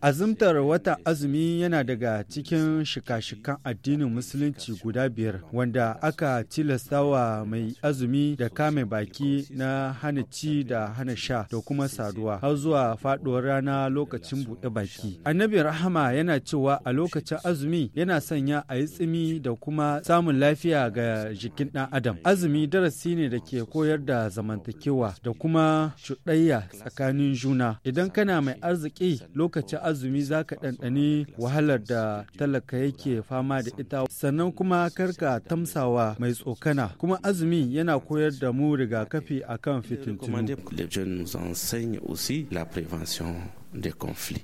Azumtar wata azumi yana daga cikin shika-shikan addinin musulunci guda biyar wanda aka tilasta wa mai azumi da kame baki na hana ci da hana sha da kuma saduwa har zuwa faduwar rana lokacin buɗe baki. Annabi Rahama yana cewa a lokacin azumi yana sanya a yi tsimi da kuma samun lafiya ga jikin ɗan adam. Azumi darasi ne da ke koyar da zamantakewa da kuma tsakanin juna. Idan kana mai arziki lokacin azumi za ka ɗanɗani wahalar da talaka yake fama da ita sannan kuma karka tamsawa mai tsokana kuma azumi yana koyar da mu rigakafi akan fitintunu. des conflits.